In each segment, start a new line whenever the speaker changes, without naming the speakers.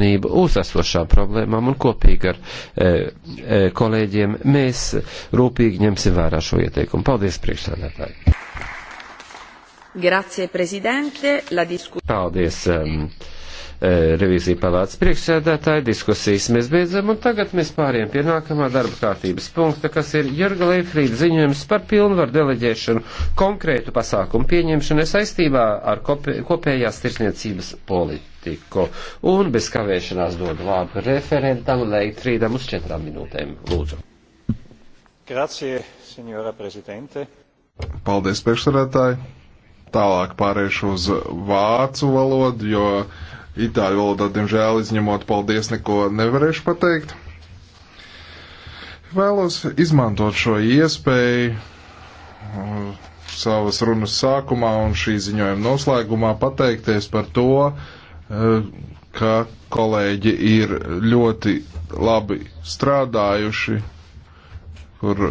uzmanību uz esošām problēmām un kopīgi ar e, e, kolēģiem mēs rūpīgi ņemsim vērā šo ieteikumu. Paldies, priekšsēdētāji! Grazie, prezidente. La diskus... Paldies. Um, revīzija palātas priekšsēdētāja, diskusijas mēs beidzam, un tagad mēs pāriem pie nākamā darba kārtības punkta, kas ir Jurga Leifrīda ziņojums par pilnvaru deleģēšanu konkrētu pasākumu pieņemšanai saistībā ar kopējās tirsniecības politiku politiku. Un bez kavēšanās dodu vārdu referentam Leitrīdam uz četrām minūtēm. Lūdzu. Grazie, signora prezidente.
Paldies, priekšsarētāji. Tālāk pārēšu uz vācu valodu, jo itāļu valodā, diemžēl, izņemot paldies, neko nevarēšu pateikt. Vēlos izmantot šo iespēju uh, savas runas sākumā un šī ziņojuma noslēgumā pateikties par to, Eh, ka kolēģi ir ļoti labi strādājuši, kur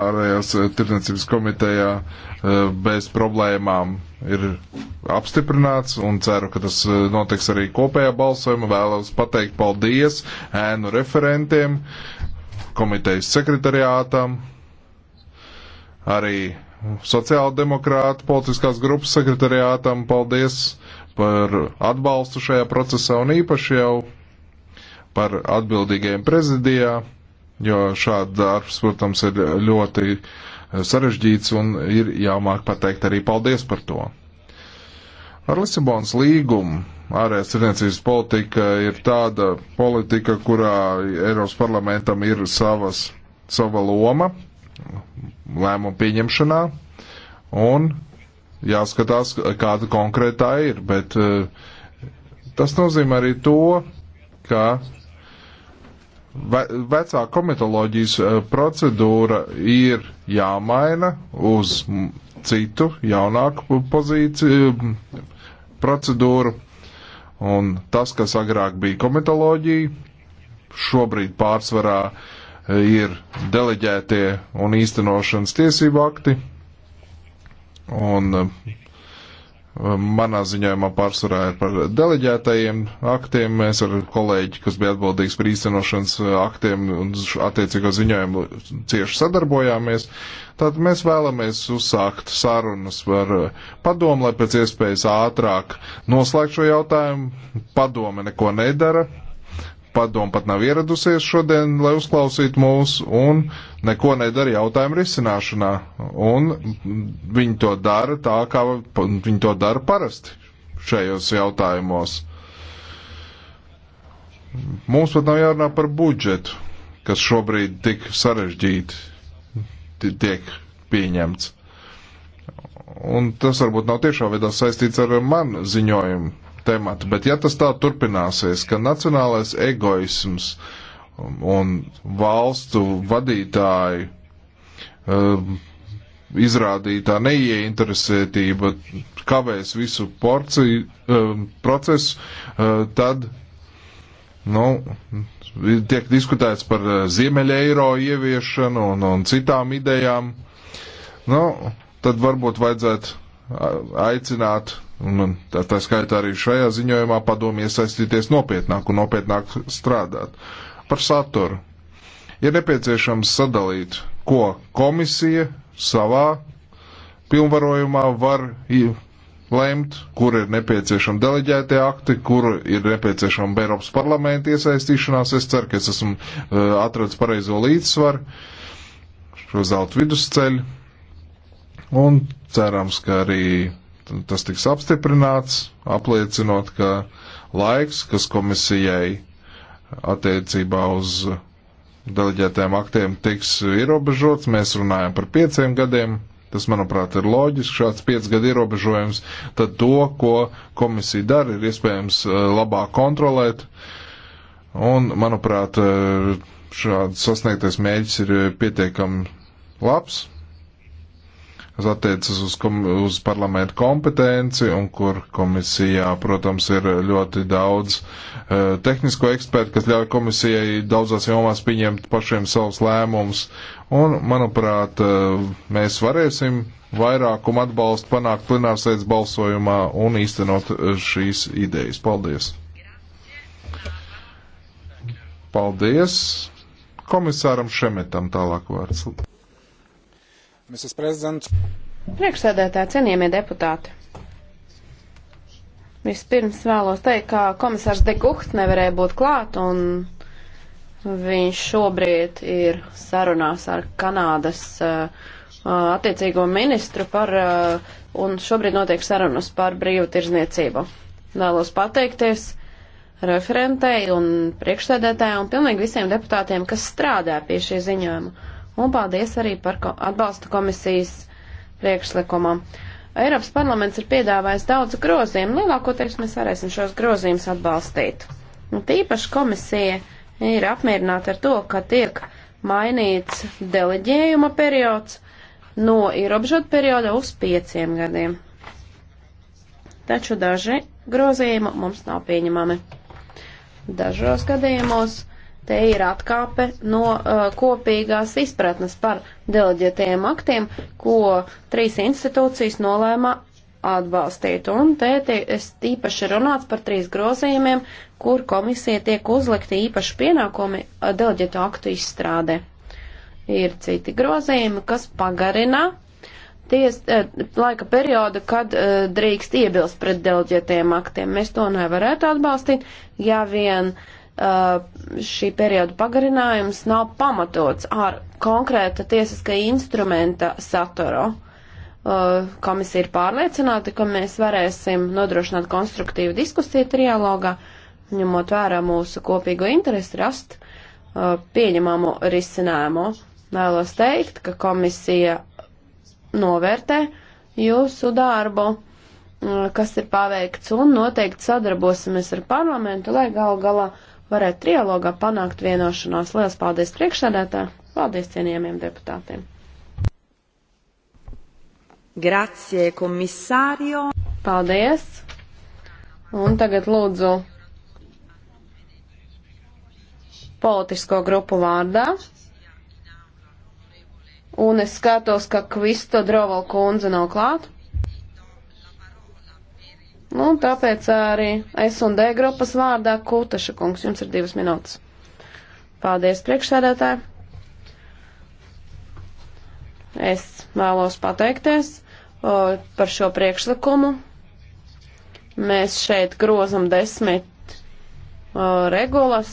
ārējās eh, tirdzniecības komitejā eh, bez problēmām ir apstiprināts un ceru, ka tas notiks arī kopējā balsojuma. Vēlos pateikt paldies ēnu referentiem, komitejas sekretariātam, arī sociāldemokrāta politiskās grupas sekretariātam. Paldies! par atbalstu šajā procesā un īpaši jau par atbildīgajiem prezidijā, jo šāds darbs, protams, ir ļoti eh, sarežģīts un ir jāmāk pateikt arī paldies par to. Ar Lisabonas līgumu ārējās tirdzniecības politika ir tāda politika, kurā Eiropas parlamentam ir savas, sava loma lēmumu pieņemšanā, un jāskatās, kāda konkrētā ir, bet eh, tas nozīmē arī to, ka vecā komitoloģijas eh, procedūra ir jāmaina uz citu, jaunāku pozīciju, procedūru, un tas, kas agrāk bija komitoloģija, šobrīd pārsvarā eh, ir deleģētie un īstenošanas tiesību akti, Un eh, manā ziņojumā pārsvarā ir par deleģētajiem aktiem. Mēs ar kolēģi, kas bija atbildīgs par īstenošanas eh, aktiem un attiecīgo ziņojumu cieši sadarbojāmies. Tātad mēs vēlamies uzsākt sarunas par eh, padomu, lai pēc iespējas ātrāk noslēgt šo jautājumu. Padome neko nedara, Padoma pat nav ieradusies šodien, lai uzklausītu mūs, un neko nedara jautājumu risināšanā. Un viņi to dara tā, kā viņi to dara parasti šajos jautājumos. Mums pat nav jārunā par budžetu, kas šobrīd tik sarežģīti tiek pieņemts. Un tas varbūt nav tiešā veidā saistīts ar manu ziņojumu, tematu, bet ja tas tā turpināsies, ka nacionālais egoisms un valstu vadītāji um, izrādītā neieinteresētība kavēs visu porciju, um, procesu, uh, tad nu, tiek diskutēts par uh, Ziemeļa eiro ieviešanu un, un citām idejām. Nu, tad varbūt vajadzētu aicināt, un tā, tā skaitā arī šajā ziņojumā padomu iesaistīties nopietnāk un nopietnāk strādāt. Par saturu. Ir nepieciešams sadalīt, ko komisija savā pilnvarojumā var lemt, kur ir nepieciešami deleģētie akti, kur ir nepieciešama Eiropas parlamenta iesaistīšanās. Es ceru, ka es esmu uh, atradis pareizo līdzsvaru, šo zelta vidusceļu. Un cerams, ka arī tas tiks apstiprināts, apliecinot, ka laiks, kas komisijai attiecībā uz deleģētiem aktiem tiks ierobežots, mēs runājam par pieciem gadiem, Tas, manuprāt, ir loģiski, šāds piecgadu ierobežojums. Tad to, ko komisija dara, ir iespējams eh, labāk kontrolēt. Un, manuprāt, eh, šāds sasniegtais mēģis ir pietiekami labs kas attiecas uz, kom, uz parlamentu kompetenci un kur komisijā, protams, ir ļoti daudz uh, tehnisko ekspertu, kas ļauj komisijai daudzās jomās pieņemt pašiem savus lēmumus. Un, manuprāt, uh, mēs varēsim vairākumu atbalstu panākt plenārsēdes balsojumā un īstenot šīs idejas. Paldies! Paldies! Komisāram Šemetam tālāk vārds. Mrs. President.
Priekšsēdētāji, cienījamie deputāti. Vispirms vēlos teikt, ka komisārs Degukts nevarēja būt klāt, un viņš šobrīd ir sarunās ar Kanādas uh, attiecīgo ministru par, uh, un šobrīd notiek sarunas par brīvu tirzniecību. Vēlos pateikties referentei un priekšsēdētājai un pilnīgi visiem deputātiem, kas strādā pie šī ziņojuma. Un paldies arī par atbalstu komisijas priekšlikumam. Eiropas parlaments ir piedāvājis daudz grozījumu. Lielākoties mēs varēsim šos grozījumus atbalstīt. Un tīpaši komisija ir apmierināta ar to, ka tiek mainīts deleģējuma periods no ierobežot perioda uz pieciem gadiem. Taču daži grozījumi mums nav pieņemami. Dažos gadījumos Te ir atkāpe no uh, kopīgās izpratnes par deleģētajiem aktiem, ko trīs institūcijas nolēma atbalstīt. Un te, te es īpaši runāts par trīs grozījumiem, kur komisija tiek uzlikti īpaši pienākumi uh, deleģētu aktu izstrādē. Ir citi grozījumi, kas pagarina ties, eh, laika periodu, kad eh, drīkst iebilst pret deleģētajiem aktiem. Mēs to nevarētu atbalstīt, ja vien eh, Uh, šī perioda pagarinājums nav pamatots ar konkrēta tiesiskā instrumenta saturu. Uh, komisija ir pārliecināta, ka mēs varēsim nodrošināt konstruktīvu diskusiju trialogā, ņemot vērā mūsu kopīgo interesi rast uh, pieņemamu risinājumu. Vēlos teikt, ka komisija novērtē jūsu darbu kas ir paveikts, un noteikti sadarbosimies ar parlamentu, lai gal galā uh, varētu trialogā panākt vienošanos. Lielas paldies priekšsēdētā, paldies cienījamiem deputātiem. Grazie, komisārio. Paldies. Un tagad lūdzu politisko grupu vārdā. Un es skatos, ka Kvisto Droval kundze nav klāt. Nu, tāpēc arī es un D grupas vārdā Kūtaša kungs, jums ir divas minūtes. Paldies, priekšsēdētāji. Es vēlos pateikties o, par šo priekšlikumu. Mēs šeit grozam desmit o, regulas,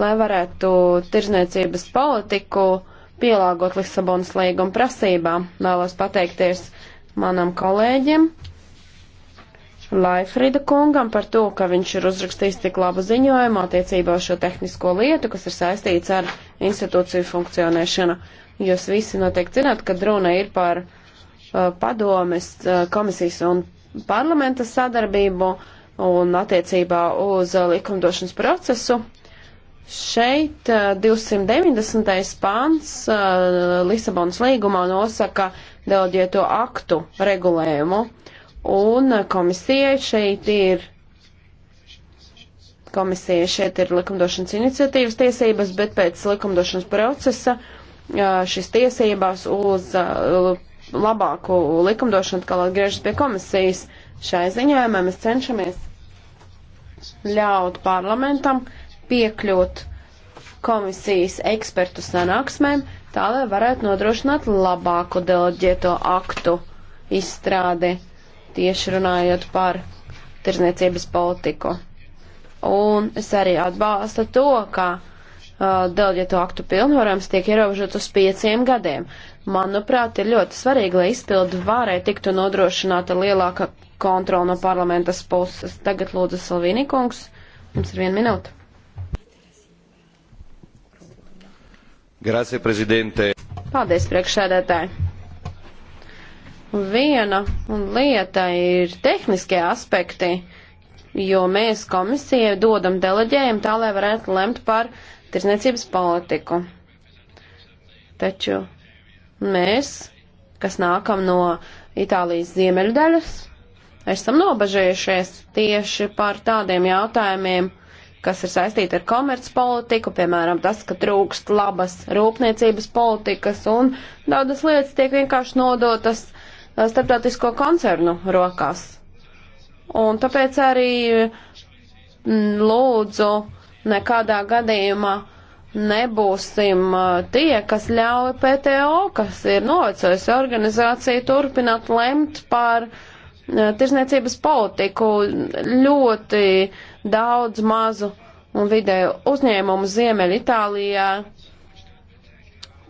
lai varētu tirzniecības politiku pielāgot Lisabonas līguma prasībām. Vēlos pateikties manam kolēģim Laifrida kungam par to, ka viņš ir uzrakstījis tik labu ziņojumu attiecībā uz šo tehnisko lietu, kas ir saistīts ar institūciju funkcionēšanu. Jūs visi noteikti zināt, ka drona ir par uh, padomes uh, komisijas un parlamenta sadarbību un attiecībā uz uh, likumdošanas procesu. Šeit 290. Uh, pāns uh, Lisabonas līgumā nosaka delģēto aktu regulējumu. Un komisijai šeit ir. Komisija šeit ir likumdošanas iniciatīvas tiesības, bet pēc likumdošanas procesa šis tiesībās uz labāku likumdošanu atkal atgriežas pie komisijas. Šai ziņojumā mēs cenšamies ļaut parlamentam piekļūt komisijas ekspertu sanāksmēm, tā lai varētu nodrošināt labāku deleģēto aktu izstrādi tieši runājot par tirzniecības politiku. Un es arī atbalstu to, ka uh, delģetu aktu pilnvarams tiek ierobežots uz pieciem gadiem. Manuprāt, ir ļoti svarīgi, lai izpildu vārai tiktu nodrošināta lielāka kontrola no parlamentas puses. Tagad lūdzu Salvīnikungs, mums ir viena minūte.
Grazie, prezidente.
Paldies, priekšsēdētāji. Viena un lieta ir tehniskie aspekti, jo mēs komisijai dodam deleģējumu tā, lai varētu lemt par tirsniecības politiku. Taču mēs, kas nākam no Itālijas ziemeļu daļas, esam nobažējušies tieši par tādiem jautājumiem, kas ir saistīti ar komercpolitiku, piemēram, tas, ka trūkst labas rūpniecības politikas un daudzas lietas tiek vienkārši nodotas uh, Uh, starptautisko koncernu rokās. Un tāpēc arī mm, lūdzu nekādā gadījumā nebūsim uh, tie, kas ļauj PTO, kas ir novecojusi organizācija, turpināt lemt par uh, tirzniecības politiku ļoti daudz mazu un vidēju uzņēmumu Ziemeļa Itālijā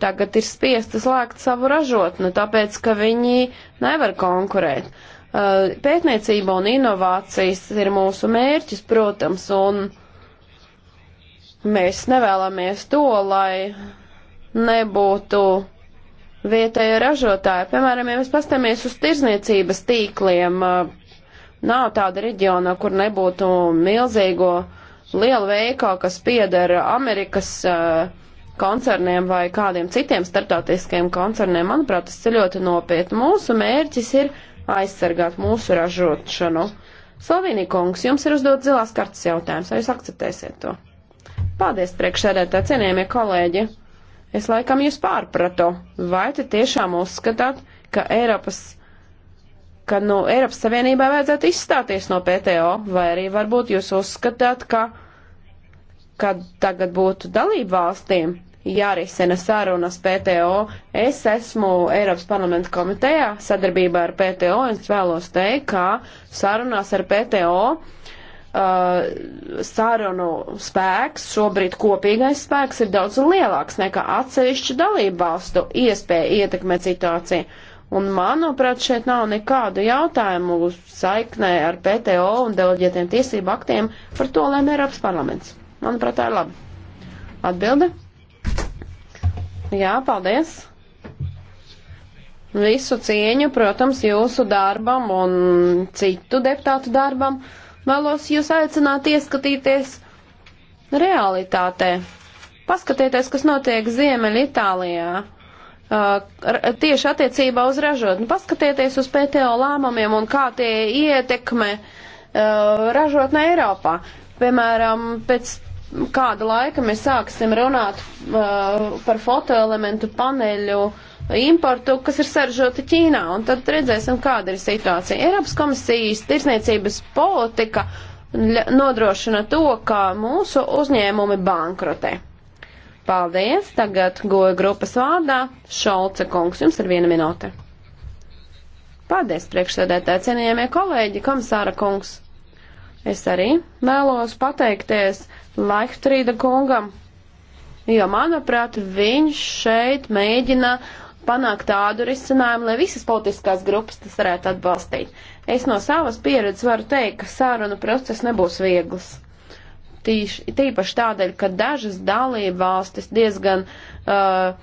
tagad ir spiesti slēgt savu ražotni, tāpēc, ka viņi nevar konkurēt. Uh, pētniecība un inovācijas ir mūsu mērķis, protams, un mēs nevēlamies to, lai nebūtu vietēja ražotāja. Piemēram, ja mēs pastāmies uz tirzniecības tīkliem, uh, nav tāda reģiona, kur nebūtu milzīgo lielu veikalu, kas piedara Amerikas uh, koncerniem vai kādiem citiem starptautiskiem koncerniem, manuprāt, tas ir ļoti nopietni. Mūsu mērķis ir aizsargāt mūsu ražošanu. Slovenija kungs, jums ir uzdot zilās kartas jautājums, vai jūs akceptēsiet to? Paldies, priekšsēdētā cienījamie kolēģi. Es laikam jūs pārpratu. Vai te tiešām uzskatāt, ka Eiropas ka nu, Eiropas Savienībā vajadzētu izstāties no PTO, vai arī varbūt jūs uzskatāt, ka kad tagad būtu dalību valstīm jārisina sarunas PTO. Es esmu Eiropas parlamenta komitejā sadarbībā ar PTO un es vēlos teikt, ka sarunās ar PTO uh, sarunu spēks, šobrīd kopīgais spēks ir daudz lielāks nekā atsevišķu dalību valstu iespēja ietekmēt situāciju. Un, manuprāt, šeit nav nekādu jautājumu saiknē ar PTO un deleģētiem tiesību aktiem par to lēma Eiropas parlaments. Manuprāt, tā ir labi. Atbilde? Jā, paldies. Visu cieņu, protams, jūsu darbam un citu deputātu darbam. Vēlos jūs aicināt ieskatīties realitātē. Paskatieties, kas notiek Ziemeļa Itālijā. Uh, tieši attiecībā uz ražotni. Paskatieties uz PTO lēmumiem un kā tie ietekmē uh, ražotne Eiropā. Piemēram, pēc kāda laika mēs sāksim runāt uh, par fotoelementu paneļu importu, kas ir saražota Ķīnā, un tad redzēsim, kāda ir situācija. Eiropas komisijas tirsniecības politika nodrošina to, ka mūsu uzņēmumi bankrotē. Paldies! Tagad goja grupas vārdā Šolce kungs. Jums ir viena minūte. Paldies, priekšsēdētāji, cienījamie kolēģi, komisāra kungs. Es arī vēlos pateikties Laihtrīda kungam, jo, manuprāt, viņš šeit mēģina panākt tādu risinājumu, lai visas politiskās grupas tas varētu atbalstīt. Es no savas pieredzes varu teikt, ka sāruna process nebūs viegls. Tīš, tīpaši tādēļ, ka dažas dalība valstis diezgan uh,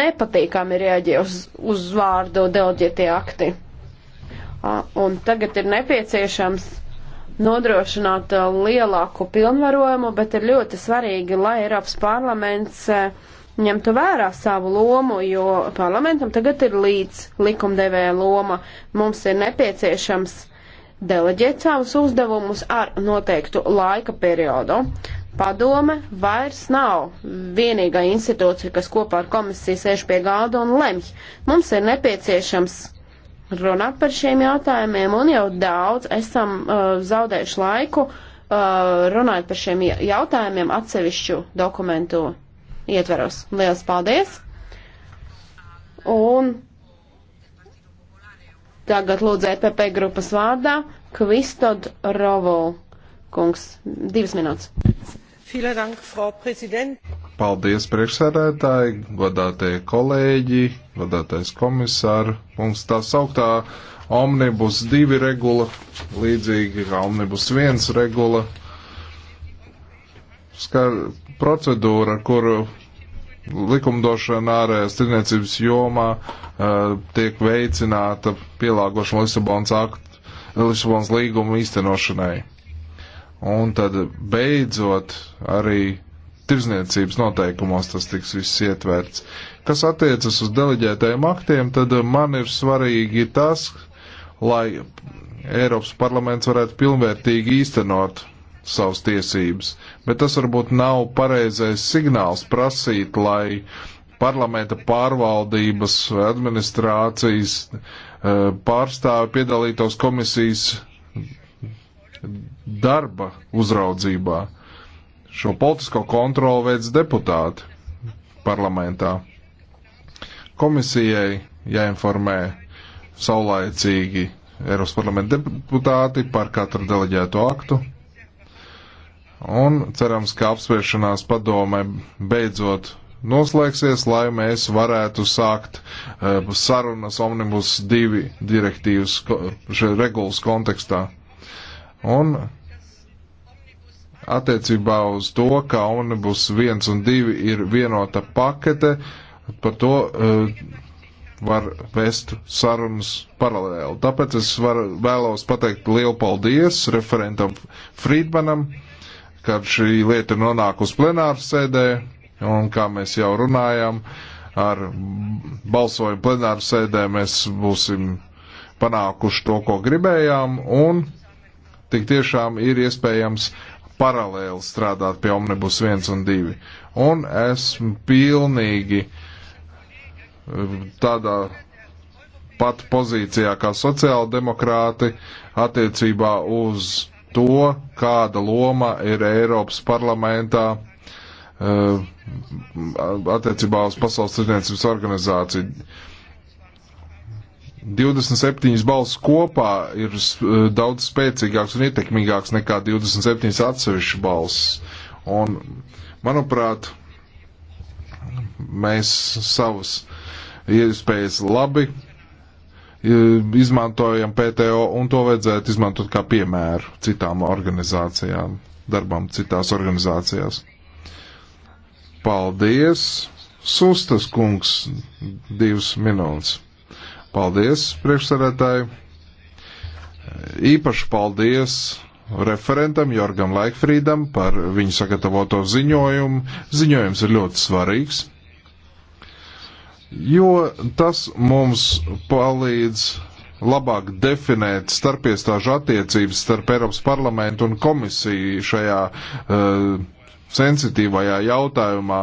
nepatīkami rēģē uz, uz vārdu delģētie akti. Uh, un tagad ir nepieciešams nodrošināt uh, lielāku pilnvarojumu, bet ir ļoti svarīgi, lai Eiropas parlaments uh, ņemtu vērā savu lomu, jo parlamentam tagad ir līdz likumdevēja loma. Mums ir nepieciešams deleģēt savus uzdevumus ar noteiktu laika periodu. Padome vairs nav vienīgā institūcija, kas kopā ar komisiju sēž pie galda un lemj. Mums ir nepieciešams runā par šiem jautājumiem, un jau daudz esam uh, zaudējuši laiku uh, runājot par šiem jautājumiem atsevišķu dokumentu ietveros. Lielas paldies! Un tagad lūdzu EPP grupas vārdā Kvistod Rovol kungs. Divas minūtes.
Paldies, priekšsēdētāji, godātie kolēģi, godātais komisāri. Mums tā sauktā omnibus divi regula, līdzīgi kā omnibus viens regula, skar procedūra, kuru likumdošana ārējās tirniecības jomā uh, tiek veicināta pielāgošana Lisabonas aktu, Lisabonas līguma īstenošanai un tad beidzot arī tirzniecības noteikumos tas tiks viss ietverts. Kas attiecas uz deleģētajiem aktiem, tad man ir svarīgi tas, lai Eiropas parlaments varētu pilnvērtīgi īstenot savas tiesības, bet tas varbūt nav pareizais signāls prasīt, lai parlamenta pārvaldības vai administrācijas eh, pārstāvi piedalītos komisijas darba uzraudzībā. Šo politisko kontroli veids deputāti parlamentā. Komisijai jāinformē saulaicīgi Eiropas parlamenta deputāti par katru deleģēto aktu. Un cerams, ka apspriešanās padomē beidzot noslēgsies, lai mēs varētu sākt uh, sarunas omnibus divi direktīvas ko, regulas kontekstā. Un attiecībā uz to, ka Omnibus 1 un 2 ir vienota pakete, par to uh, var vest sarunas paralēli. Tāpēc es var, vēlos pateikt lielu paldies referentam Friedmanam, kad šī lieta ir nonākusi plenāru sēdē, un kā mēs jau runājām, ar balsojumu plenāru sēdē mēs būsim panākuši to, ko gribējām, un tik tiešām ir iespējams paralēli strādāt pie Omnibus 1 un 2. Un esmu pilnīgi eh, tādā pat pozīcijā kā sociāldemokrāti attiecībā uz to, kāda loma ir Eiropas parlamentā eh, attiecībā uz Pasaules tirdzniecības organizāciju. 27 balss kopā ir eh, daudz spēcīgāks un ietekmīgāks nekā 27 atsevišķi balss. Un, manuprāt, mēs savas iespējas labi eh, izmantojam PTO un to vajadzētu izmantot kā piemēru citām organizācijām, darbam citās organizācijās. Paldies! Sustas kungs, divas minūtes. Paldies, priekšsarētāji. Īpaši paldies referentam Jorgam Laikfrīdam par viņu sagatavoto ziņojumu. Ziņojums ir ļoti svarīgs, jo tas mums palīdz labāk definēt starpiestāžu attiecības starp Eiropas parlamentu un komisiju šajā uh, sensitīvajā jautājumā,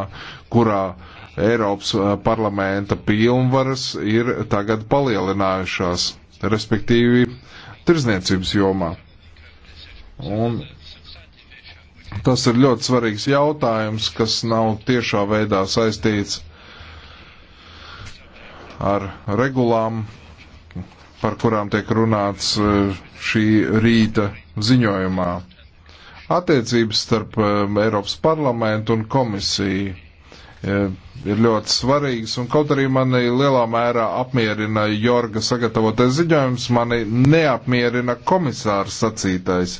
kurā uh, Eiropas parlamenta pilnvaras ir tagad palielinājušās, respektīvi tirzniecības jomā. Un tas ir ļoti svarīgs jautājums, kas nav tiešā veidā saistīts ar regulām, par kurām tiek runāts šī rīta ziņojumā. Attiecības starp Eiropas parlamentu un komisiju ir ļoti svarīgas, un kaut arī mani lielā mērā apmierina Jorga sagatavotais ziņojums, mani neapmierina komisārs sacītais.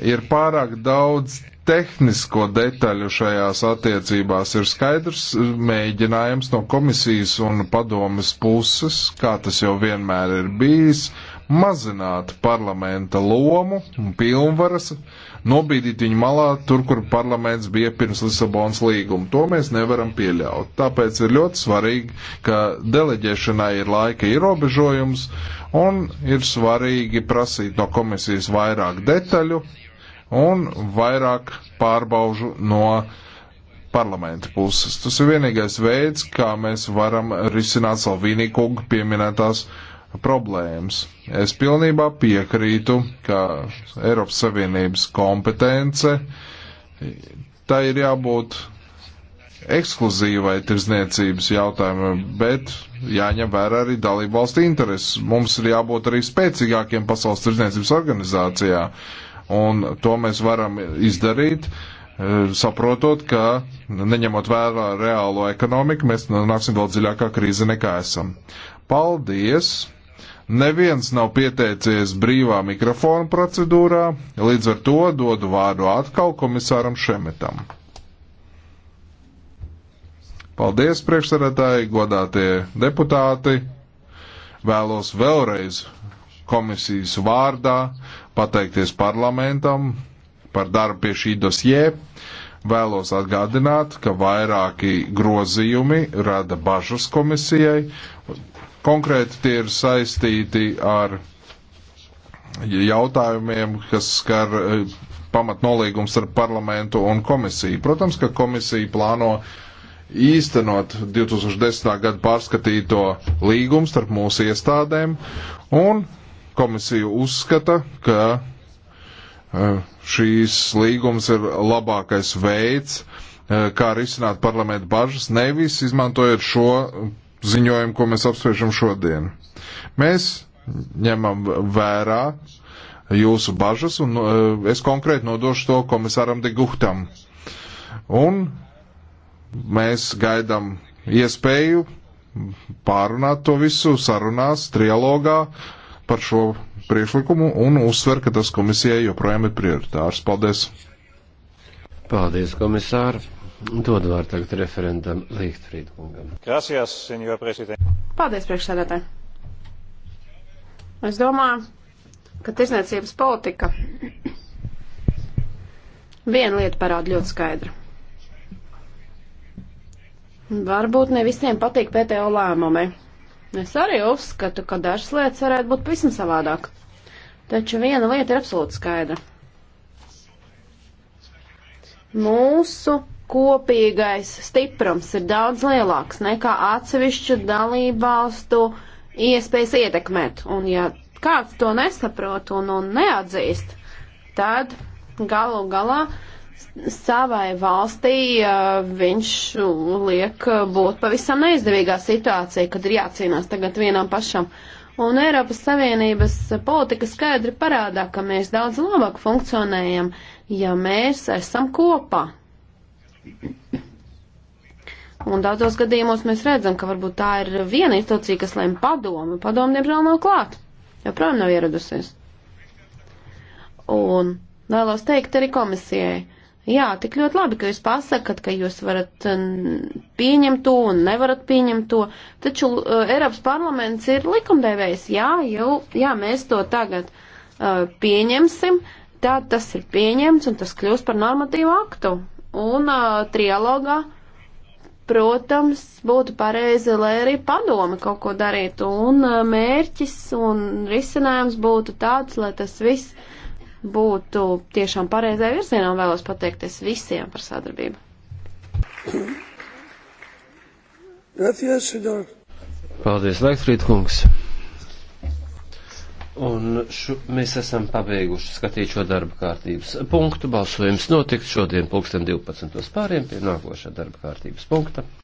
Ir pārāk daudz tehnisko detaļu šajās attiecībās. Ir skaidrs mēģinājums no komisijas un padomas puses, kā tas jau vienmēr ir bijis, mazināt parlamenta lomu un pilnvaras, uh, nobīdīt viņu malā tur, kur parlaments bija pirms Lisabonas līguma. To mēs nevaram pieļaut. Tāpēc ir ļoti svarīgi, ka deleģēšanai ir laika ierobežojums un ir svarīgi prasīt no komisijas vairāk detaļu un vairāk pārbaužu no parlamenta puses. Tas ir vienīgais veids, kā mēs varam risināt Salvīnī kungu pieminētās problēmas. Es pilnībā piekrītu, ka Eiropas Savienības kompetence tā ir jābūt ekskluzīvai tirzniecības jautājumam, bet jāņem vērā arī dalību valstu intereses. Mums ir jābūt arī spēcīgākiem pasaules tirzniecības organizācijā, un to mēs varam izdarīt, e, saprotot, ka neņemot vērā reālo ekonomiku, mēs nonāksim vēl dziļākā krīze nekā esam. Paldies! Neviens nav pieteicies brīvā mikrofona procedūrā, līdz ar to dodu vārdu atkal komisāram Šemetam. Paldies, priekšsarētāji, godātie deputāti. Vēlos vēlreiz komisijas vārdā pateikties parlamentam par darbu pie šī dosjē. Vēlos atgādināt, ka vairāki grozījumi rada bažas komisijai, Konkrēti tie ir saistīti ar jautājumiem, kas skar eh, pamatnolīgums ar parlamentu un komisiju. Protams, ka komisija plāno īstenot 2010. gadu pārskatīto līgumu starp mūsu iestādēm, un komisija uzskata, ka eh, šīs līgums ir labākais veids, eh, kā risināt parlamentu bažas, nevis izmantojot šo ziņojumu, ko mēs apspriežam šodien. Mēs ņemam vērā jūsu bažas, un uh, es konkrēti nodošu to komisāram de Guhtam. Un mēs gaidām iespēju pārunāt to visu sarunās, trialogā par šo priekšlikumu un uzsver, ka tas komisijai joprojām ir prioritārs. Paldies! Paldies, komisāri! Dod vārdu tagad referendam Līhtfrīdkungam. Gracias, senjor prezident.
Paldies, priekšsēdētāji. Es domāju, ka tirzniecības politika viena lieta parāda ļoti skaidru. Varbūt ne visiem patīk PTO lēmumi. Es arī uzskatu, ka dažas lietas varētu būt pavisam savādāk. Taču viena lieta ir absolūti skaidra. Mūsu kopīgais stiprums ir daudz lielāks nekā atsevišķu dalībvalstu iespējas ietekmēt. Un ja kāds to nesaprot un, un neatzīst, tad galu galā savai valstī viņš liek būt pavisam neizdevīgā situācija, kad ir jācīnās tagad vienam pašam. Un Eiropas Savienības politika skaidri parādā, ka mēs daudz labāk funkcionējam, ja mēs esam kopā, Un daudzos gadījumos mēs redzam, ka varbūt tā ir viena institūcija, kas lēma padomu. Padomu, diemžēl, nav klāt. Joprojām nav ieradusies. Un vēlos teikt arī komisijai. Jā, tik ļoti labi, ka jūs pasakat, ka jūs varat pieņemt to un nevarat pieņemt to. Taču uh, Eiropas parlaments ir likumdevējs. Jā, jau, jā, mēs to tagad uh, pieņemsim. Tā tas ir pieņemts un tas kļūst par normatīvu aktu. Un uh, trialogā, protams, būtu pareizi, lai arī padome kaut ko darītu. Un uh, mērķis un risinājums būtu tāds, lai tas viss būtu tiešām pareizajā virzienā un vēlos pateikties visiem par sadarbību. Paldies, Lektrīt kungs! Un šu, mēs esam pabeiguši skatīt šo darba kārtības punktu. Balsojums notiks šodien pulksten 12. pāriem pie nākošā darba kārtības punkta.